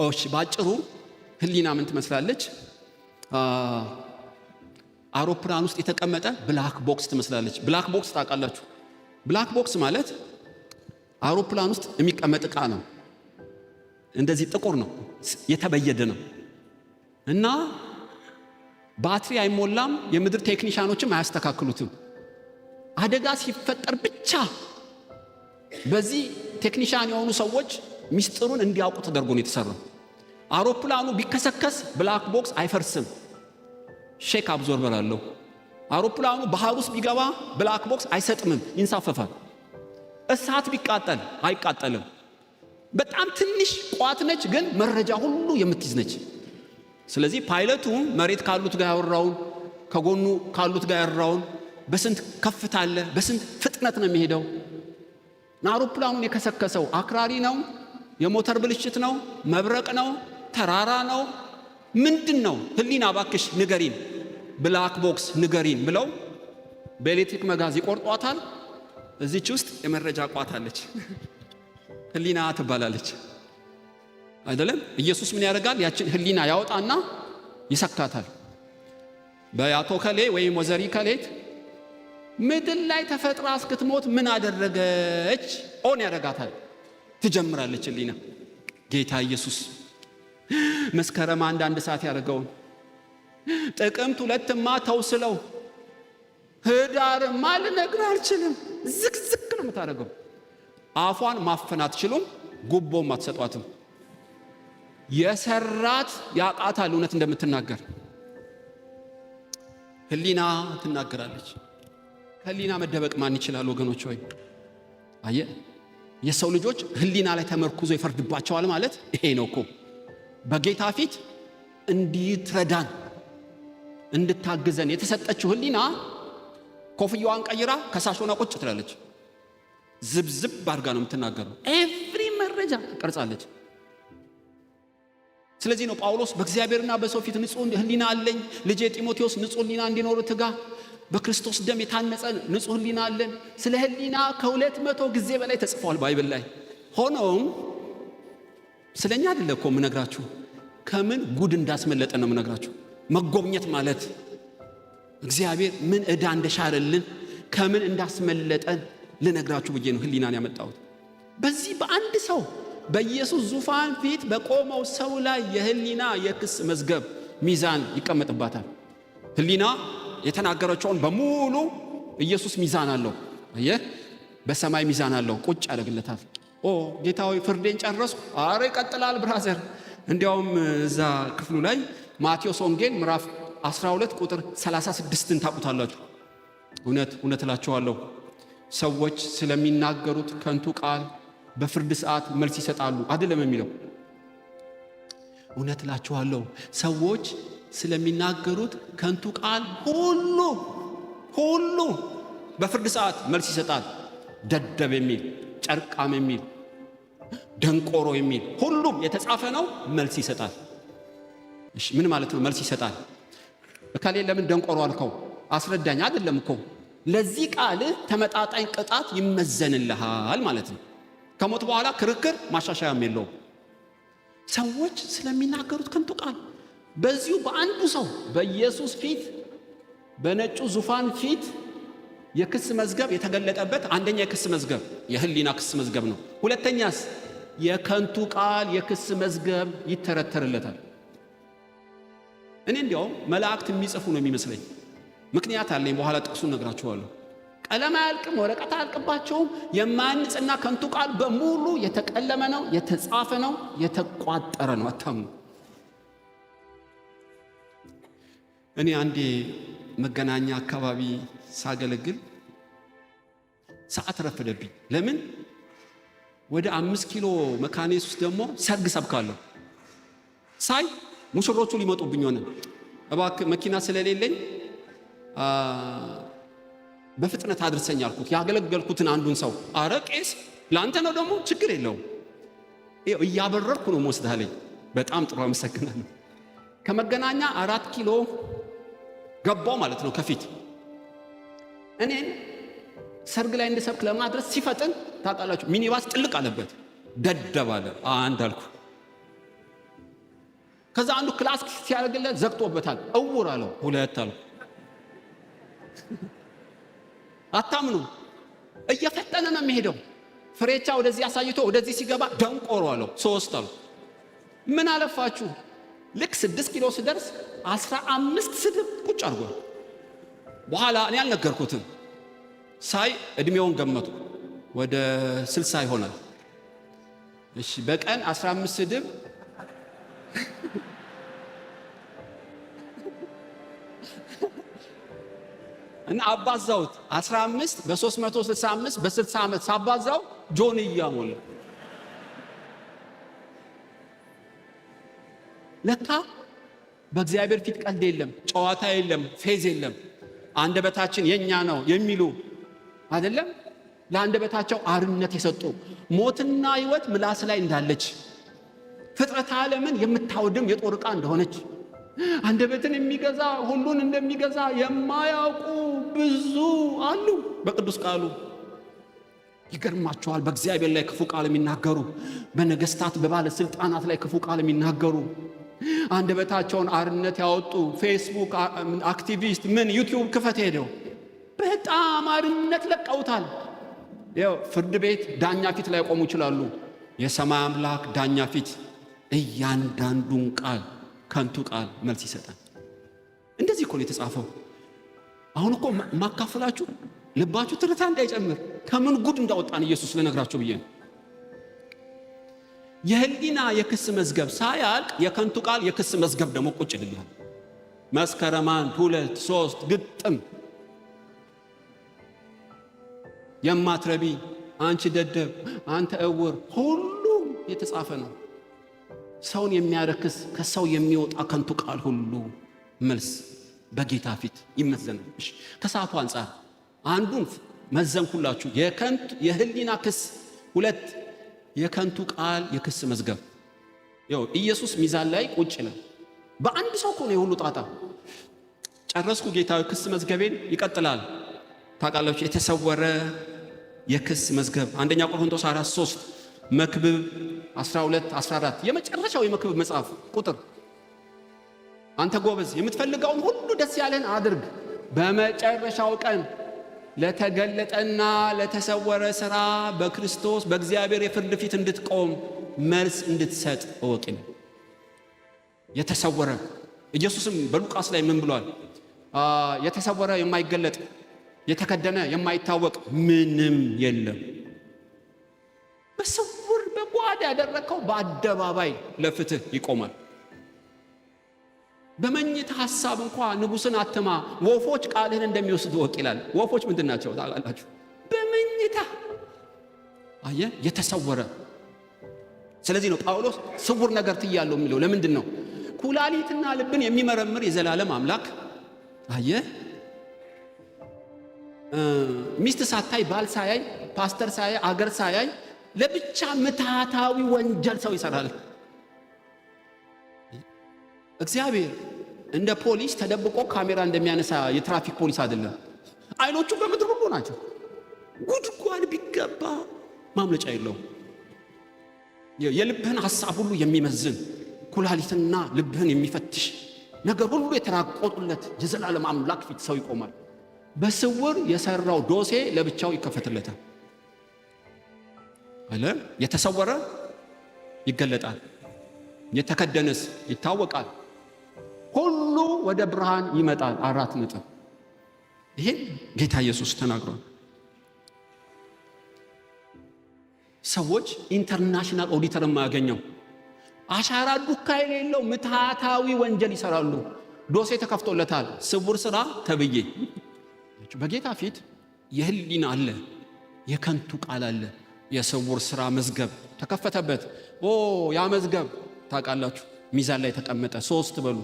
እሺ ባጭሩ ህሊና ምን ትመስላለች? አውሮፕላን ውስጥ የተቀመጠ ብላክ ቦክስ ትመስላለች። ብላክ ቦክስ ታውቃላችሁ? ብላክ ቦክስ ማለት አውሮፕላን ውስጥ የሚቀመጥ እቃ ነው። እንደዚህ ጥቁር ነው፣ የተበየደ ነው እና ባትሪ አይሞላም። የምድር ቴክኒሻኖችም አያስተካክሉትም። አደጋ ሲፈጠር ብቻ በዚህ ቴክኒሻን የሆኑ ሰዎች ሚስጥሩን እንዲያውቁ ተደርጎ ነው የተሰራው። አውሮፕላኑ ቢከሰከስ ብላክ ቦክስ አይፈርስም፣ ሼክ አብዞርበር አለው። አውሮፕላኑ ባህር ውስጥ ቢገባ ብላክ ቦክስ አይሰጥምም፣ ይንሳፈፋል። እሳት ቢቃጠል አይቃጠልም። በጣም ትንሽ ቋት ነች፣ ግን መረጃ ሁሉ የምትይዝ ነች። ስለዚህ ፓይለቱ መሬት ካሉት ጋር ያወራውን ከጎኑ ካሉት ጋር ያወራውን በስንት ከፍታ አለ፣ በስንት ፍጥነት ነው የሚሄደው። አውሮፕላኑን የከሰከሰው አክራሪ ነው የሞተር ብልሽት ነው? መብረቅ ነው? ተራራ ነው? ምንድን ነው? ህሊና ባክሽ ንገሪን፣ ብላክ ቦክስ ንገሪን ብለው በኤሌክትሪክ መጋዝ ይቆርጧታል። እዚች ውስጥ የመረጃ ቋት አለች፣ ህሊና ትባላለች አይደለም። ኢየሱስ ምን ያደርጋል? ያችን ህሊና ያወጣና ይሰካታል። በአቶ ከሌ ወይም ወዘሪ ከሌት ምድር ላይ ተፈጥራ እስክትሞት ምን አደረገች? ኦን ያደርጋታል። ትጀምራለች ህሊና። ጌታ ኢየሱስ መስከረም አንድ አንድ ሰዓት ያደርገውን ጥቅምት ሁለትማ ተውስለው ህዳርማ ልነግር አልችልም። ዝግዝግ ነው የምታደርገው። አፏን ማፈን አትችሉም። ጉቦም አትሰጧትም። የሰራት ያቃታል። እውነት እንደምትናገር ህሊና ትናገራለች። ከህሊና መደበቅ ማን ይችላል? ወገኖች ወይ አየ የሰው ልጆች ህሊና ላይ ተመርኩዞ ይፈርድባቸዋል ማለት ይሄ ነው እኮ። በጌታ ፊት እንዲትረዳን እንድታግዘን የተሰጠችው ህሊና ኮፍያዋን ቀይራ ከሳሾና ቁጭ ትላለች። ዝብዝብ አድርጋ ነው የምትናገረው። ኤቭሪ መረጃ ቀርጻለች ስለዚህ ነው ጳውሎስ በእግዚአብሔርና በሰው ፊት ንጹህ ህሊና አለኝ፣ ልጄ ጢሞቴዎስ ንጹህ ህሊና እንዲኖሩ ትጋ፣ በክርስቶስ ደም የታነጸ ንጹህ ህሊና አለን። ስለ ህሊና ከሁለት መቶ ጊዜ በላይ ተጽፏል ባይብል ላይ። ሆኖም ስለ እኛ አደለ እኮ የምነግራችሁ፣ ከምን ጉድ እንዳስመለጠን ነው የምነግራችሁ። መጎብኘት ማለት እግዚአብሔር ምን ዕዳ እንደሻረልን ከምን እንዳስመለጠን ልነግራችሁ ብዬ ነው ህሊናን ያመጣሁት። በዚህ በአንድ ሰው በኢየሱስ ዙፋን ፊት በቆመው ሰው ላይ የህሊና የክስ መዝገብ ሚዛን ይቀመጥባታል ህሊና የተናገረችውን በሙሉ ኢየሱስ ሚዛን አለው። አየህ፣ በሰማይ ሚዛን አለው። ቁጭ ያደርግለታል። ኦ ጌታዊ ፍርዴን ጨረስኩ። አረ ይቀጥላል ብራዘር። እንዲያውም እዛ ክፍሉ ላይ ማቴዎስ ወንጌል ምዕራፍ 12 ቁጥር 36ን ታቁታላችሁ። እውነት እውነት እላችኋለሁ ሰዎች ስለሚናገሩት ከንቱ ቃል በፍርድ ሰዓት መልስ ይሰጣሉ አይደለም የሚለው እውነት እላችኋለሁ ሰዎች ስለሚናገሩት ከንቱ ቃል ሁሉ ሁሉ በፍርድ ሰዓት መልስ ይሰጣል። ደደብ የሚል ጨርቃም የሚል ደንቆሮ የሚል ሁሉም የተጻፈ ነው። መልስ ይሰጣል። እሺ ምን ማለት ነው? መልስ ይሰጣል። እከሌ ለምን ደንቆሮ አልከው? አስረዳኝ። አይደለም እኮ ለዚህ ቃል ተመጣጣኝ ቅጣት ይመዘንልሃል ማለት ነው። ከሞት በኋላ ክርክር ማሻሻያም የለውም። ሰዎች ስለሚናገሩት ከንቱ ቃል በዚሁ በአንዱ ሰው በኢየሱስ ፊት በነጩ ዙፋን ፊት የክስ መዝገብ የተገለጠበት አንደኛ የክስ መዝገብ የህሊና ክስ መዝገብ ነው። ሁለተኛስ የከንቱ ቃል የክስ መዝገብ ይተረተርለታል። እኔ እንዲያውም መላእክት የሚጽፉ ነው የሚመስለኝ። ምክንያት አለኝ፣ በኋላ ጥቅሱን ነግራችኋለሁ። ቀለም አያልቅም፣ ወረቀት አያልቅባቸውም። የማያንጽና ከንቱ ቃል በሙሉ የተቀለመ ነው፣ የተጻፈ ነው፣ የተቋጠረ ነው። አታምኑ እኔ አንዴ መገናኛ አካባቢ ሳገለግል ሰዓት ረፈደብኝ። ለምን? ወደ አምስት ኪሎ መካኔስ ውስጥ ደግሞ ሰርግ ሰብካለሁ። ሳይ ሙሽሮቹ ሊመጡብኝ ሆነ። እባክህ መኪና ስለሌለኝ በፍጥነት አድርሰኝ አልኩት ያገለገልኩትን አንዱን ሰው። አረ ቄስ ለአንተ ነው ደግሞ ችግር የለውም እያበረርኩ ነው መወስዳለኝ። በጣም ጥሩ አመሰግናለሁ። ከመገናኛ አራት ኪሎ ገባው ማለት ነው። ከፊት እኔን ሰርግ ላይ እንድሰብክ ለማድረስ ሲፈጥን ታውቃላችሁ፣ ሚኒባስ ጥልቅ አለበት፣ ደደብ አለ። አንድ አልኩ። ከዛ አንዱ ክላስ ሲያደርግለት ዘግቶበታል፣ እውር አለው። ሁለት አልኩ። አታምኑ፣ እየፈጠነ ነው የሚሄደው። ፍሬቻ ወደዚህ አሳይቶ ወደዚህ ሲገባ ደንቆሮ አለው። ሶስት አልኩ። ምን አለፋችሁ ልክ ስድስት ኪሎ ስደርስ አስራ አምስት ስድብ ቁጭ አድርጓል። በኋላ እኔ አልነገርኩትም ሳይ እድሜውን ገመቱ ወደ ስልሳ ይሆናል። እሺ በቀን አስራ አምስት ስድብ እና አባዛውት 15 በ ስልሳ በ60 ዓመት ሳባዛው ጆን እያሞላ ለካ በእግዚአብሔር ፊት ቀልድ የለም፣ ጨዋታ የለም፣ ፌዝ የለም። አንደበታችን የኛ ነው የሚሉ አይደለም ለአንደበታቸው አርነት የሰጡ ሞትና ህይወት ምላስ ላይ እንዳለች ፍጥረት ዓለምን የምታወድም የጦር ዕቃ እንደሆነች አንደበትን የሚገዛ ሁሉን እንደሚገዛ የማያውቁ ብዙ አሉ በቅዱስ ቃሉ። ይገርማቸዋል። በእግዚአብሔር ላይ ክፉ ቃል የሚናገሩ፣ በነገስታት በባለስልጣናት ላይ ክፉ ቃል የሚናገሩ አንደበታቸውን አርነት ያወጡ ፌስቡክ አክቲቪስት ምን ዩቲዩብ ክፈት ሄደው በጣም አርነት ለቀውታል። ያው ፍርድ ቤት ዳኛ ፊት ላይ ቆሙ ይችላሉ። የሰማይ አምላክ ዳኛ ፊት እያንዳንዱን ቃል ከንቱ ቃል መልስ ይሰጣል። እንደዚህ እኮ ነው የተጻፈው። አሁን እኮ ማካፈላችሁ ልባችሁ ትርታ እንዳይጨምር ከምን ጉድ እንዳወጣን ኢየሱስ ልነግራችሁ ብዬ ነው። የህሊና የክስ መዝገብ ሳያልቅ የከንቱ ቃል የክስ መዝገብ ደግሞ ቁጭ ልልሃል። መስከረም አንድ ሁለት ሶስት ግጥም የማትረቢ አንቺ ደደብ አንተ እውር ሁሉም የተጻፈ ነው። ሰውን የሚያረክስ ከሰው የሚወጣ ከንቱ ቃል ሁሉ መልስ በጌታ ፊት ይመዘናል። እሺ ከሰዓቱ አንጻር አንዱን መዘንኩላችሁ የከንቱ የህሊና ክስ ሁለት የከንቱ ቃል የክስ መዝገብ ያው ኢየሱስ ሚዛን ላይ ቁጭ ነው። በአንድ ሰው እኮ ነው የሁሉ ጣጣ። ጨረስኩ ጌታ ክስ መዝገቤን ይቀጥላል። ታውቃላችሁ፣ የተሰወረ የክስ መዝገብ አንደኛ ቆሮንቶስ 43 መክብብ 12 14 የመጨረሻው የመክብብ መጽሐፍ ቁጥር አንተ ጎበዝ የምትፈልገውን ሁሉ ደስ ያለን አድርግ በመጨረሻው ቀን ለተገለጠና ለተሰወረ ሥራ በክርስቶስ በእግዚአብሔር የፍርድ ፊት እንድትቆም መልስ እንድትሰጥ እወቂ ነው። የተሰወረ ኢየሱስም በሉቃስ ላይ ምን ብሏል? የተሰወረ የማይገለጥ የተከደነ የማይታወቅ ምንም የለም። በስውር በጓዳ ያደረግከው በአደባባይ ለፍትህ ይቆማል። በመኝታ ሐሳብ እንኳ ንጉሥን አትማ፣ ወፎች ቃልህን እንደሚወስዱ ወቅ ይላል። ወፎች ምንድን ናቸው ታውቃላችሁ? በመኝታ አየ የተሰወረ። ስለዚህ ነው ጳውሎስ ስውር ነገር ትያለው የሚለው። ለምንድን ነው? ኩላሊትና ልብን የሚመረምር የዘላለም አምላክ አየ ሚስት ሳታይ ባል ሳያይ ፓስተር ሳያይ አገር ሳያይ ለብቻ ምታታዊ ወንጀል ሰው ይሰራል እግዚአብሔር እንደ ፖሊስ ተደብቆ ካሜራ እንደሚያነሳ የትራፊክ ፖሊስ አይደለም። አይኖቹ በምድር ሁሉ ናቸው። ጉድጓድ ቢገባ ማምለጫ የለውም። የልብህን ሐሳብ ሁሉ የሚመዝን ኩላሊትና ልብህን የሚፈትሽ ነገር ሁሉ የተራቆጡለት የዘላለም አምላክ ፊት ሰው ይቆማል። በስውር የሰራው ዶሴ ለብቻው ይከፈትለታል አለ። የተሰወረ ይገለጣል፣ የተከደነስ ይታወቃል። ሁሉ ወደ ብርሃን ይመጣል። አራት ነጥብ። ይሄን ጌታ ኢየሱስ ተናግሯል። ሰዎች ኢንተርናሽናል ኦዲተር የማያገኘው አሻራ ዱካ የሌለው ምትሃታዊ ወንጀል ይሰራሉ። ዶሴ ተከፍቶለታል። ስውር ስራ ተብዬ በጌታ ፊት የህሊና አለ፣ የከንቱ ቃል አለ። የስውር ስራ መዝገብ ተከፈተበት። ኦ ያ መዝገብ ታውቃላችሁ፣ ሚዛን ላይ ተቀመጠ። ሶስት በሉ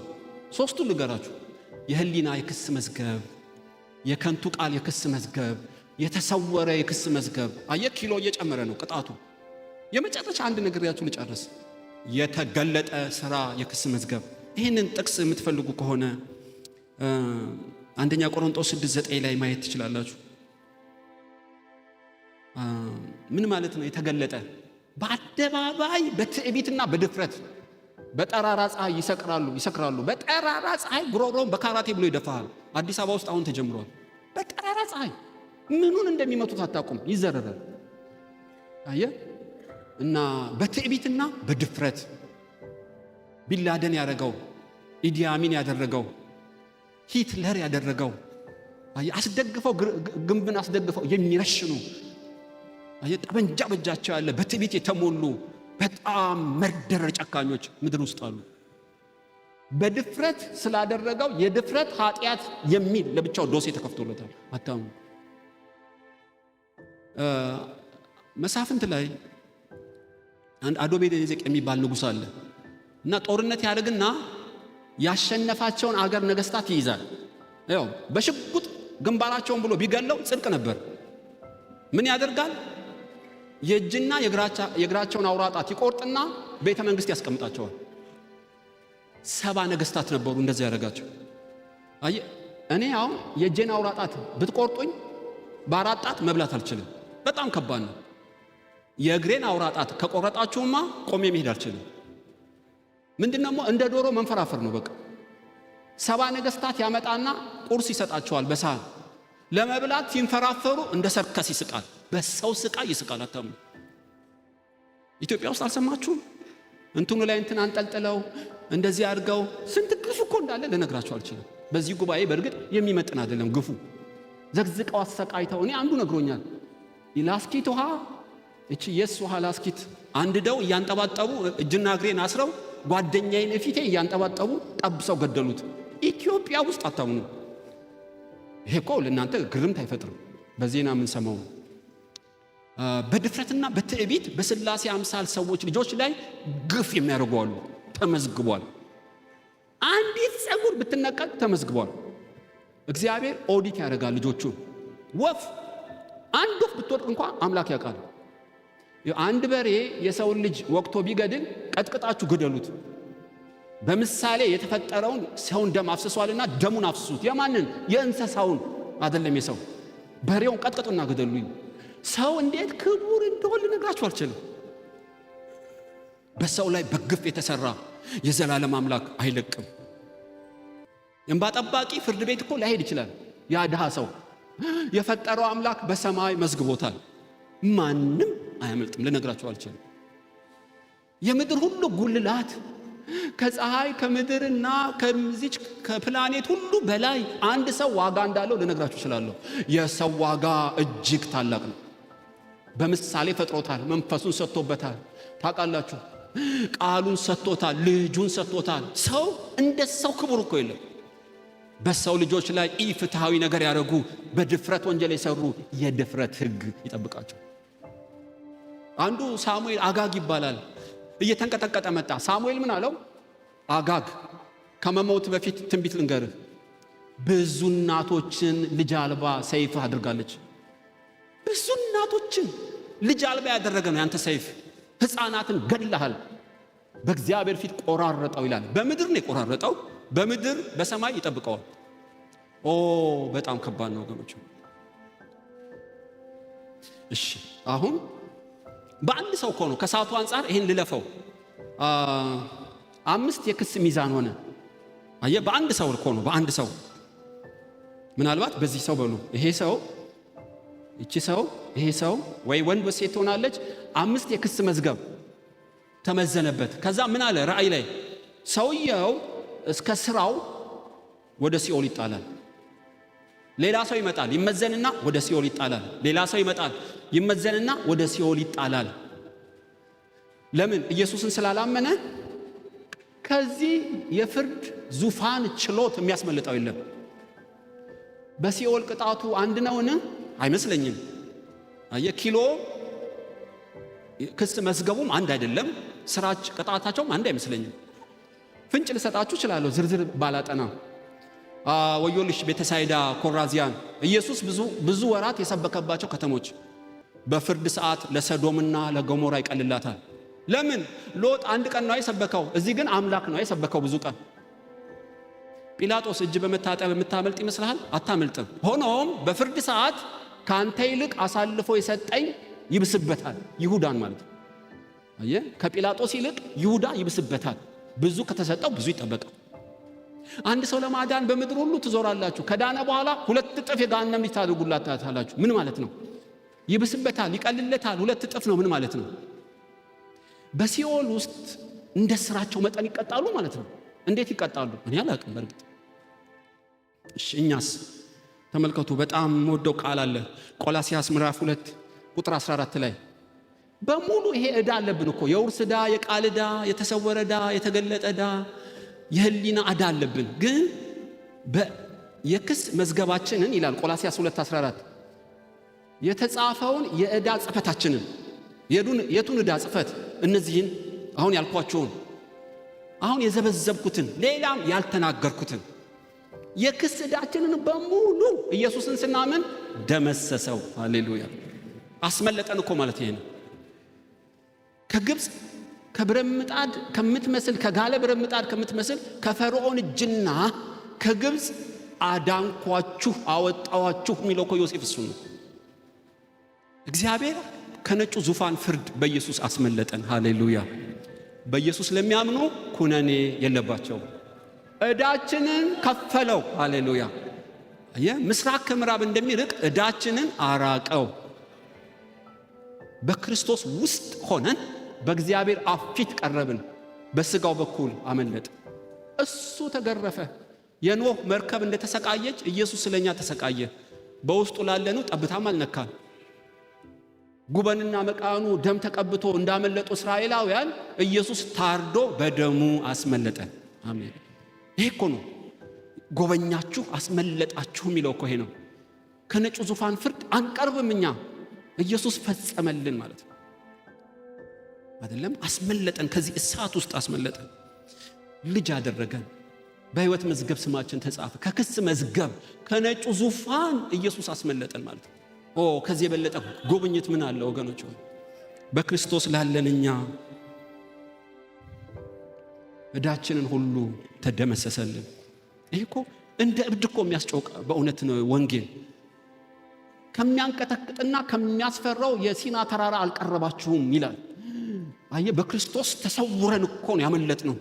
ሶስቱን ንገራችሁ። የህሊና የክስ መዝገብ፣ የከንቱ ቃል የክስ መዝገብ፣ የተሰወረ የክስ መዝገብ። አየ ኪሎ እየጨመረ ነው ቅጣቱ። የመጨረሻ አንድ ያችሁ ልጨርስ። የተገለጠ ስራ የክስ መዝገብ። ይህንን ጥቅስ የምትፈልጉ ከሆነ አንደኛ ቆሮንጦስ 6:9 ላይ ማየት ትችላላችሁ። ምን ማለት ነው? የተገለጠ በአደባባይ በትዕቢትና በድፍረት በጠራራ ፀሐይ ይሰቅራሉ ይሰክራሉ። በጠራራ ፀሐይ ጉሮሮን በካራቴ ብሎ ይደፋሃል። አዲስ አበባ ውስጥ አሁን ተጀምሯል። በጠራራ ፀሐይ ምኑን እንደሚመቱት አታውቁም። ይዘረራል። አየ እና በትዕቢትና በድፍረት ቢላደን ያደረገው ኢዲያሚን ያደረገው ሂትለር ያደረገው አስደግፈው ግንብን አስደግፈው የሚረሽኑ ጠመንጃ በእጃቸው ያለ በትዕቢት የተሞሉ በጣም መደረ ጨካኞች ምድር ውስጥ አሉ። በድፍረት ስላደረገው የድፍረት ኃጢአት የሚል ለብቻው ዶሴ ተከፍቶለታል። አታሙ መሳፍንት ላይ አንድ አዶቤዴዜቅ የሚባል ንጉሥ አለ እና ጦርነት ያደርግና ያሸነፋቸውን አገር ነገስታት ይይዛል። ያው በሽጉጥ ግንባራቸውን ብሎ ቢገለው ጽድቅ ነበር። ምን ያደርጋል? የእጅና የእግራቸውን አውራ ጣት ይቆርጥና ቤተ መንግስት ያስቀምጣቸዋል። ሰባ ነገስታት ነበሩ እንደዚህ ያደረጋቸው። አየ እኔ አሁን የእጄን አውራ ጣት ብትቆርጡኝ በአራት ጣት መብላት አልችልም። በጣም ከባድ ነው። የእግሬን አውራ ጣት ከቆረጣችሁማ ቆሜ መሄድ አልችልም። ምንድን ደግሞ እንደ ዶሮ መንፈራፈር ነው። በቃ ሰባ ነገስታት ያመጣና ቁርስ ይሰጣቸዋል በሳህን ለመብላት ሲንፈራፈሩ እንደ ሰርከስ ይስቃል። በሰው ስቃይ ይስቃል። አታምኑ። ኢትዮጵያ ውስጥ አልሰማችሁም? እንትኑ ላይ እንትን አንጠልጥለው እንደዚህ አድርገው ስንት ግፍ እኮ እንዳለ ልነግራችሁ አልችልም። በዚህ ጉባኤ በእርግጥ የሚመጥን አይደለም ግፉ። ዘግዝቀው አሰቃይተው እኔ አንዱ ነግሮኛል። ላስኪት ውሃ እቺ የስ ውሃ ላስኪት አንድ ደው እያንጠባጠቡ እጅና እግሬን አስረው ጓደኛዬን እፊቴ እያንጠባጠቡ ጠብሰው ገደሉት። ኢትዮጵያ ውስጥ አታምኑ። ይሄ እኮ ለእናንተ ግርምት አይፈጥርም፣ በዜና የምንሰማው በድፍረትና በትዕቢት በስላሴ አምሳል ሰዎች ልጆች ላይ ግፍ የሚያደርጉ አሉ። ተመዝግቧል። አንዲት ፀጉር ብትነቀል ተመዝግቧል። እግዚአብሔር ኦዲት ያደርጋል ልጆቹን። ወፍ አንድ ወፍ ብትወድቅ እንኳ አምላክ ያውቃል። አንድ በሬ የሰውን ልጅ ወቅቶ ቢገድል ቀጥቅጣችሁ ግደሉት በምሳሌ የተፈጠረውን ሰውን ደም አፍስሷልና ደሙን አፍስሱት። የማንን? የእንስሳውን አይደለም የሰው በሬውን ቀጥቀጡና ግደሉኝ። ሰው እንዴት ክቡር እንደሆን ልነግራችሁ አልችልም። በሰው ላይ በግፍ የተሰራ የዘላለም አምላክ አይለቅም። እንባ ጠባቂ ፍርድ ቤት እኮ ላይሄድ ይችላል። ያ ድሃ ሰው የፈጠረው አምላክ በሰማይ መዝግቦታል። ማንም አያመልጥም። ልነግራችሁ አልችልም። የምድር ሁሉ ጉልላት ከፀሐይ ከምድርና ከዚች ከፕላኔት ሁሉ በላይ አንድ ሰው ዋጋ እንዳለው ልነግራችሁ እችላለሁ። የሰው ዋጋ እጅግ ታላቅ ነው። በምሳሌ ፈጥሮታል። መንፈሱን ሰጥቶበታል። ታውቃላችሁ፣ ቃሉን ሰጥቶታል። ልጁን ሰጥቶታል። ሰው እንደ ሰው ክቡር እኮ የለም። በሰው ልጆች ላይ ኢፍትሐዊ ነገር ያደረጉ በድፍረት ወንጀል የሰሩ የድፍረት ህግ ይጠብቃቸው። አንዱ ሳሙኤል አጋግ ይባላል። እየተንቀጠቀጠ መጣ። ሳሙኤል ምን አለው? አጋግ ከመሞት በፊት ትንቢት ልንገርህ፣ ብዙ እናቶችን ልጅ አልባ ሰይፍ አድርጋለች። ብዙ እናቶችን ልጅ አልባ ያደረገ ነው ያንተ ሰይፍ። ሕፃናትን ገድለሃል። በእግዚአብሔር ፊት ቆራረጠው ይላል። በምድር ነው የቆራረጠው፣ በምድር በሰማይ ይጠብቀዋል። ኦ በጣም ከባድ ነው ወገኖች። እሺ አሁን በአንድ ሰው እኮ ነው። ከሰዓቱ አንጻር ይህን ልለፈው አምስት የክስ ሚዛን ሆነ። አየ በአንድ ሰው እኮ ነው። በአንድ ሰው ምናልባት በዚህ ሰው በሉ ይሄ ሰው እቺ ሰው ይሄ ሰው ወይ ወንድ ወሴት ትሆናለች። አምስት የክስ መዝገብ ተመዘነበት። ከዛ ምን አለ ራእይ ላይ ሰውየው እስከ ስራው ወደ ሲኦል ይጣላል። ሌላ ሰው ይመጣል ይመዘንና ወደ ሲኦል ይጣላል። ሌላ ሰው ይመጣል ይመዘንና ወደ ሲኦል ይጣላል። ለምን? ኢየሱስን ስላላመነ። ከዚህ የፍርድ ዙፋን ችሎት የሚያስመልጠው የለም። በሲኦል ቅጣቱ አንድ ነውን? አይመስለኝም። የኪሎ ክስ መዝገቡም አንድ አይደለም። ስራች ቅጣታቸውም አንድ አይመስለኝም። ፍንጭ ልሰጣችሁ እችላለሁ ዝርዝር ባላጠና ወዮልሽ ቤተሳይዳ ኮራዚያን ኢየሱስ ብዙ ብዙ ወራት የሰበከባቸው ከተሞች በፍርድ ሰዓት ለሰዶምና ለገሞራ ይቀልላታል። ለምን ሎጥ አንድ ቀን ነው የሰበከው፣ እዚህ ግን አምላክ ነው የሰበከው ብዙ ቀን። ጲላጦስ እጅ በመታጠብ የምታመልጥ ይመስልሃል? አታመልጥም። ሆኖም በፍርድ ሰዓት ከአንተ ይልቅ አሳልፎ የሰጠኝ ይብስበታል። ይሁዳን ማለት ነው። ከጲላጦስ ይልቅ ይሁዳ ይብስበታል። ብዙ ከተሰጠው ብዙ ይጠበቃል። አንድ ሰው ለማዳን በምድር ሁሉ ትዞራላችሁ፣ ከዳነ በኋላ ሁለት እጥፍ የገሃነም ልጅ ታደርጉላታላችሁ። ምን ማለት ነው? ይብስበታል፣ ይቀልለታል። ሁለት እጥፍ ነው። ምን ማለት ነው? በሲኦል ውስጥ እንደ ስራቸው መጠን ይቀጣሉ ማለት ነው። እንዴት ይቀጣሉ? እኔ አላቅም። በእርግጥ እሺ፣ እኛስ ተመልከቱ። በጣም ወደው ቃል አለ ቆላሲያስ ምዕራፍ 2 ቁጥር 14 ላይ በሙሉ ይሄ ዕዳ አለብን እኮ የውርስ ዕዳ፣ የቃል ዕዳ፣ የተሰወረ ዕዳ፣ የተገለጠ ዕዳ የህሊና አዳ አለብን። ግን የክስ መዝገባችንን ይላል ቆላሲያስ 2:14 የተጻፈውን የእዳ ጽፈታችንን የቱን እዳ ጽፈት? እነዚህን አሁን ያልኳቸውን አሁን የዘበዘብኩትን ሌላም ያልተናገርኩትን የክስ እዳችንን በሙሉ ኢየሱስን ስናምን ደመሰሰው። ሃሌሉያ! አስመለጠን እኮ ማለት ይሄ ነው ከግብፅ ከብረምጣድ ከምትመስል ከጋለ ብረምጣድ ከምትመስል ከፈርዖን እጅና ከግብፅ አዳንኳችሁ አወጣዋችሁ የሚለው እኮ ዮሴፍ እሱ ነው። እግዚአብሔር ከነጩ ዙፋን ፍርድ በኢየሱስ አስመለጠን። ሃሌሉያ! በኢየሱስ ለሚያምኑ ኩነኔ የለባቸው፣ ዕዳችንን ከፈለው። ሃሌሉያ! ምስራቅ ከምዕራብ እንደሚርቅ ዕዳችንን አራቀው። በክርስቶስ ውስጥ ሆነን በእግዚአብሔር አፊት ቀረብን፣ በስጋው በኩል አመለጥ። እሱ ተገረፈ። የኖህ መርከብ እንደተሰቃየች ኢየሱስ ስለኛ ተሰቃየ። በውስጡ ላለነው ጠብታም አልነካል። ጉበንና መቃኑ ደም ተቀብቶ እንዳመለጡ እስራኤላውያን ኢየሱስ ታርዶ በደሙ አስመለጠ። አሜን። ይሄ እኮ ነው ጎበኛችሁ፣ አስመለጣችሁ የሚለው እኮ ይሄ ነው። ከነጩ ዙፋን ፍርድ አንቀርብም እኛ ኢየሱስ ፈጸመልን ማለት ነው። አይደለም አስመለጠን፣ ከዚህ እሳት ውስጥ አስመለጠን፣ ልጅ አደረገን። በህይወት መዝገብ ስማችን ተጻፈ። ከክስ መዝገብ ከነጩ ዙፋን ኢየሱስ አስመለጠን ማለት ነው። ኦ ከዚህ የበለጠ ጉብኝት ምን አለ ወገኖች? በክርስቶስ ላለን እኛ ሁሉ ተደመሰሰልን። ይህ እኮ እንደ እብድ እኮ የሚያስጨውቅ በእውነት ነው ወንጌል። ከሚያንቀጠቅጥና ከሚያስፈራው የሲና ተራራ አልቀረባችሁም ይላል አየ በክርስቶስ ተሰውረን እኮ ነው ያመለጥ ነው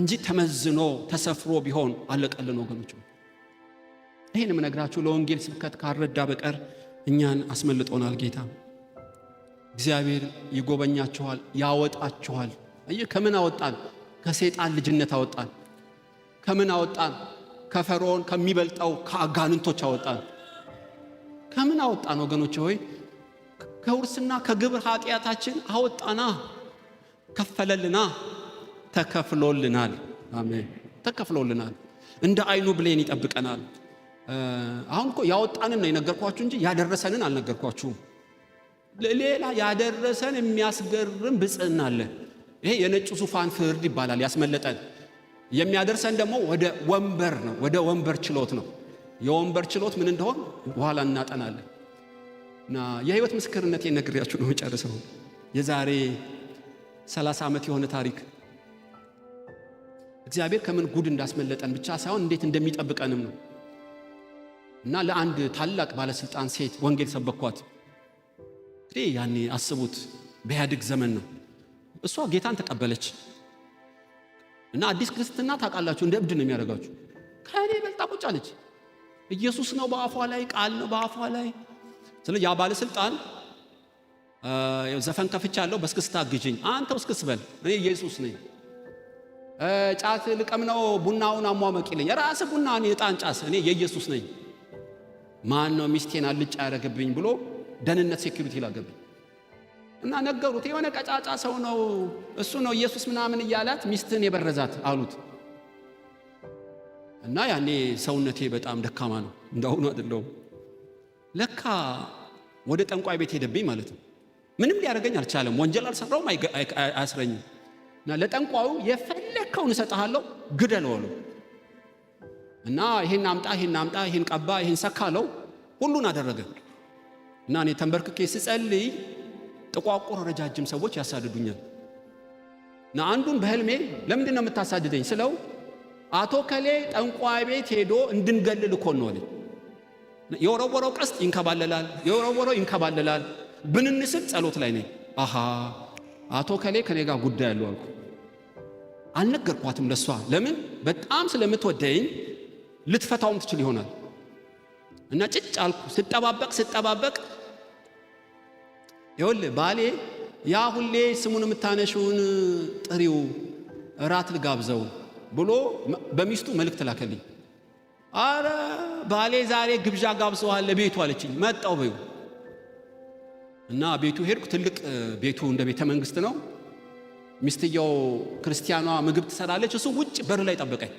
እንጂ ተመዝኖ ተሰፍሮ ቢሆን አለቀልን ወገኖች። ይህን የምነግራችሁ ለወንጌል ስብከት ካረዳ በቀር እኛን አስመልጦናል ጌታ። እግዚአብሔር ይጎበኛችኋል፣ ያወጣችኋል። አየ ከምን አወጣን? ከሰይጣን ልጅነት አወጣን። ከምን አወጣን? ከፈርዖን ከሚበልጠው ከአጋንንቶች አወጣን። ከምን አወጣን ወገኖች ሆይ ከውርስና ከግብር ኃጢአታችን አወጣና ከፈለልና ተከፍሎልናል። አሜን። ተከፍሎልናል። እንደ አይኑ ብሌን ይጠብቀናል። አሁን እኮ ያወጣንን ነው የነገርኳችሁ እንጂ ያደረሰንን አልነገርኳችሁም። ሌላ ያደረሰን የሚያስገርም ብፅዕና አለ። ይሄ የነጩ ዙፋን ፍርድ ይባላል። ያስመለጠን የሚያደርሰን ደግሞ ወደ ወንበር ነው፣ ወደ ወንበር ችሎት ነው። የወንበር ችሎት ምን እንደሆን በኋላ እናጠናለን። እና የህይወት ምስክርነት ነግሬያችሁ ነው ጨርሰው። የዛሬ 30 ዓመት የሆነ ታሪክ እግዚአብሔር ከምን ጉድ እንዳስመለጠን ብቻ ሳይሆን እንዴት እንደሚጠብቀንም ነው። እና ለአንድ ታላቅ ባለስልጣን ሴት ወንጌል ሰበኳት። እንግዲህ ያኔ አስቡት በኢህአዴግ ዘመን ነው። እሷ ጌታን ተቀበለች እና አዲስ ክርስትና ታውቃላችሁ፣ እንደ እብድ ነው የሚያደርጋችሁ። ከእኔ በልጣ ቁጭ አለች። ኢየሱስ ነው በአፏ ላይ፣ ቃል ነው በአፏ ላይ ስለዚህ ያ ባለስልጣን ዘፈን ከፍቻለሁ፣ በስክስታ ግጅኝ። አንተ ውስክስ በል፣ እኔ ኢየሱስ ነኝ። ጫት ልቀም ነው ቡናውን አሟመቅ ይለኝ። ራስ ቡና እኔ እጣን ጫስ፣ እኔ የኢየሱስ ነኝ። ማን ነው ሚስቴን አልጭ ያደረግብኝ ብሎ ደህንነት ሴኪሪቲ ላገብኝ እና ነገሩት። የሆነ ቀጫጫ ሰው ነው እሱ ነው ኢየሱስ ምናምን እያላት ሚስትን የበረዛት አሉት። እና ያኔ ሰውነቴ በጣም ደካማ ነው እንዳሁኑ አደለውም ለካ ወደ ጠንቋይ ቤት ሄደብኝ ማለት ነው። ምንም ሊያደርገኝ አልቻለም። ወንጀል አልሰራውም፣ አያስረኝም። እና ለጠንቋዩ የፈለግከውን እሰጥሃለሁ፣ ግደለው አለው እና ይህን አምጣ፣ ይህን አምጣ፣ ይህን ቀባ፣ ይህን ሰካ አለው። ሁሉን አደረገ። እና እኔ ተንበርክኬ ስጸልይ ጥቋቁር ረጃጅም ሰዎች ያሳድዱኛል። እና አንዱን በህልሜ ለምንድን ነው የምታሳድደኝ ስለው አቶ ከሌ ጠንቋይ ቤት ሄዶ እንድንገልል እኮ ነው አለኝ። የወረወረው ቀስት ይንከባለላል፣ የወረወረው ይንከባለላል። ብንንስል ጸሎት ላይ ነኝ። አሃ አቶ ከሌ ከኔ ጋር ጉዳይ አለው አልኩ። አልነገርኳትም ለሷ። ለምን በጣም ስለምትወደኝ ልትፈታውም ትችል ይሆናል። እና ጭጭ አልኩ። ስጠባበቅ ስጠባበቅ ይወል ባሌ ያ ሁሌ ስሙን የምታነሽውን ጥሪው እራት ልጋብዘው ብሎ በሚስቱ መልእክት ላከልኝ። አረ ባሌ ዛሬ ግብዣ ጋብዘዋል ቤቱ አለችኝ። መጣው በዩ እና ቤቱ ሄድኩ። ትልቅ ቤቱ እንደ ቤተ መንግስት ነው። ሚስትየው ክርስቲያኗ ምግብ ትሰራለች። እሱ ውጭ በር ላይ ጠበቀኝ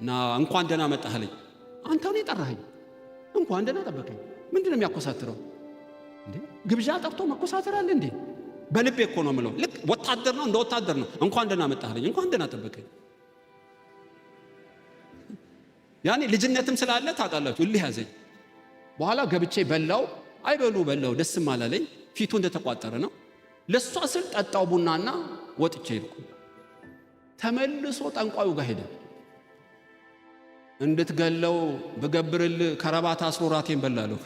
እና እንኳን ደህና መጣህ አንተ ነው የጠራኸኝ? እንኳን ደህና ጠበቀኝ። ምንድን ነው የሚያኮሳትረው እንዴ? ግብዣ ጠርቶ መኮሳተር አለ እንዴ? በልቤ እኮ ነው ምለው። ልክ ወታደር ነው፣ እንደ ወታደር ነው። እንኳን ደህና መጣህ እንኳን ደህና ጠበቀኝ። ያኔ ልጅነትም ስላለ ታውቃላችሁ፣ እልህ ያዘኝ። በኋላ ገብቼ በላው አይበሉ በላው፣ ደስም አላለኝ። ፊቱ እንደተቋጠረ ነው። ለሷ ስል ጠጣው ቡናና ወጥቼ ይልቁ ተመልሶ ጠንቋዩ ጋር ሄደ። እንድትገለው ብገብርል ከረባት አስሮ ራቴን በላለሁ።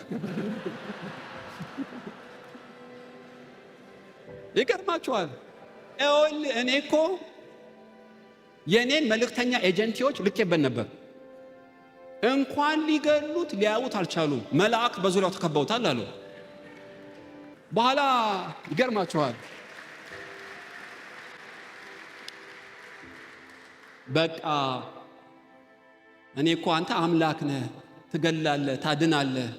ይገርማችኋል። እኔ እኮ የእኔን መልእክተኛ ኤጀንቲዎች ልኬበት ነበር። እንኳን ሊገሉት ሊያዩት አልቻሉም። መልአክ በዙሪያው ተከበውታል አሉ። በኋላ ይገርማችኋል። በቃ እኔ እኮ አንተ አምላክ ነህ፣ ትገላለህ፣ ታድናለህ፣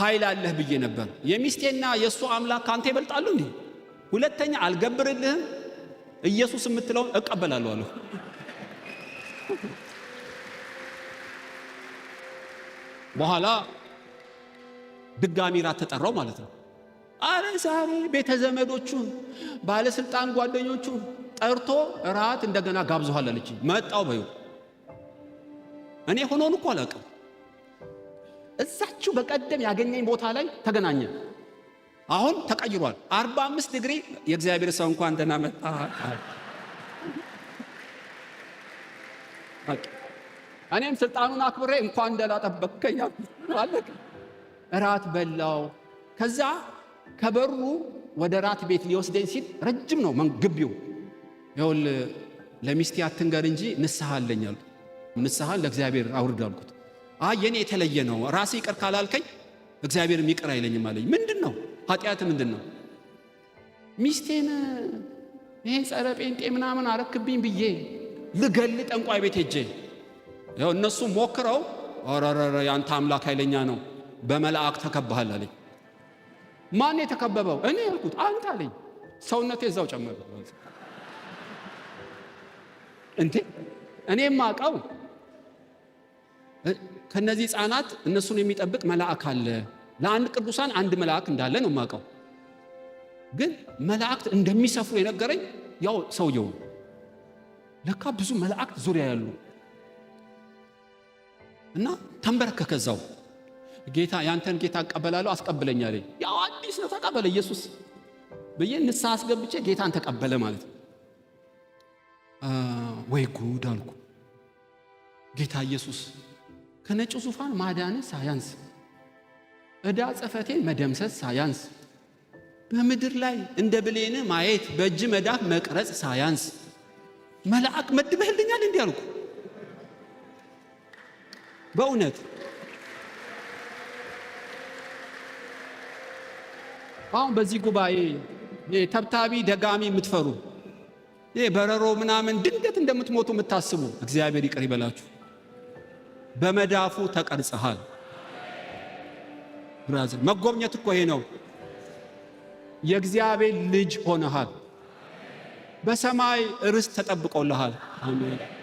ኃይል አለህ ብዬ ነበር። የሚስቴና የእሱ አምላክ ከአንተ ይበልጣሉ እንዴ? ሁለተኛ አልገብርልህም፣ ኢየሱስ የምትለውን እቀበላለሁ አሉ። በኋላ ድጋሚ ራት ተጠራው ማለት ነው። አረ ዛሬ ቤተ ዘመዶቹን ባለስልጣን ጓደኞቹ ጠርቶ ራት እንደገና ጋብዘኋል አለች። መጣው በዩ እኔ ሆኖን እኮ አላውቅም። እዛችሁ በቀደም ያገኘኝ ቦታ ላይ ተገናኘ። አሁን ተቀይሯል። አርባ አምስት ዲግሪ የእግዚአብሔር ሰው እንኳን ደህና መጣ። እኔም ስልጣኑን አክብሬ እንኳን ደህና ጠበቅከኝ አለቀ። እራት በላው። ከዛ ከበሩ ወደ ራት ቤት ሊወስደኝ ሲል ረጅም ነው መንግቢው። ይኸውል ለሚስቴ አትንገር እንጂ ንስሐ አለኝ አልኩት። ንስሐን ለእግዚአብሔር አውርድ አልኩት። አይ የኔ የተለየ ነው፣ ራሴ ይቅር ካላልከኝ እግዚአብሔርም ይቅር አይለኝም አለኝ። ምንድን ነው ኃጢአት ምንድን ነው? ሚስቴን ይሄ ጸረ ጴንጤ ምናምን አረክብኝ ብዬ ልገል ጠንቋይ ቤት ሄጄ ያው እነሱ ሞክረው አራራራ ያንተ አምላክ ኃይለኛ ነው፣ በመላእክ ተከባሃል አለኝ። ማን የተከበበው? እኔ ያልኩት አንተ አለኝ። ሰውነቴ እዛው ጨመረ። እንዴ እኔ ማቀው ከነዚህ ህፃናት እነሱን የሚጠብቅ መልአክ አለ። ለአንድ ቅዱሳን አንድ መልአክ እንዳለ ነው ማቀው። ግን መላእክት እንደሚሰፍሩ የነገረኝ ያው ሰውየው ለካ ብዙ መላእክት ዙሪያ ያሉ እና ተንበረከከ እዛው ጌታ ያንተን ጌታ እቀበላለሁ አስቀብለኝ አለኝ። ያው አዲስ ነው ተቀበለ ኢየሱስ ብዬ ንስሐ አስገብቼ ጌታን ተቀበለ ማለት ነው። ወይ ጉድ አልኩ። ጌታ ኢየሱስ ከነጭ ዙፋን ማዳን ሳያንስ እዳ ጽፈቴን መደምሰስ ሳያንስ በምድር ላይ እንደ ብሌን ማየት በእጅ መዳፍ መቅረጽ ሳያንስ መልአክ መድበህልኛል እንዲህ አልኩ። በእውነት አሁን በዚህ ጉባኤ ተብታቢ ደጋሚ የምትፈሩ ይሄ በረሮ ምናምን ድንገት እንደምትሞቱ የምታስቡ እግዚአብሔር ይቅር ይበላችሁ። በመዳፉ ተቀርጸሃል። ብራዘር መጎብኘት እኮ ይሄ ነው። የእግዚአብሔር ልጅ ሆነሃል። በሰማይ ርስት ተጠብቆልሃል። አሜን።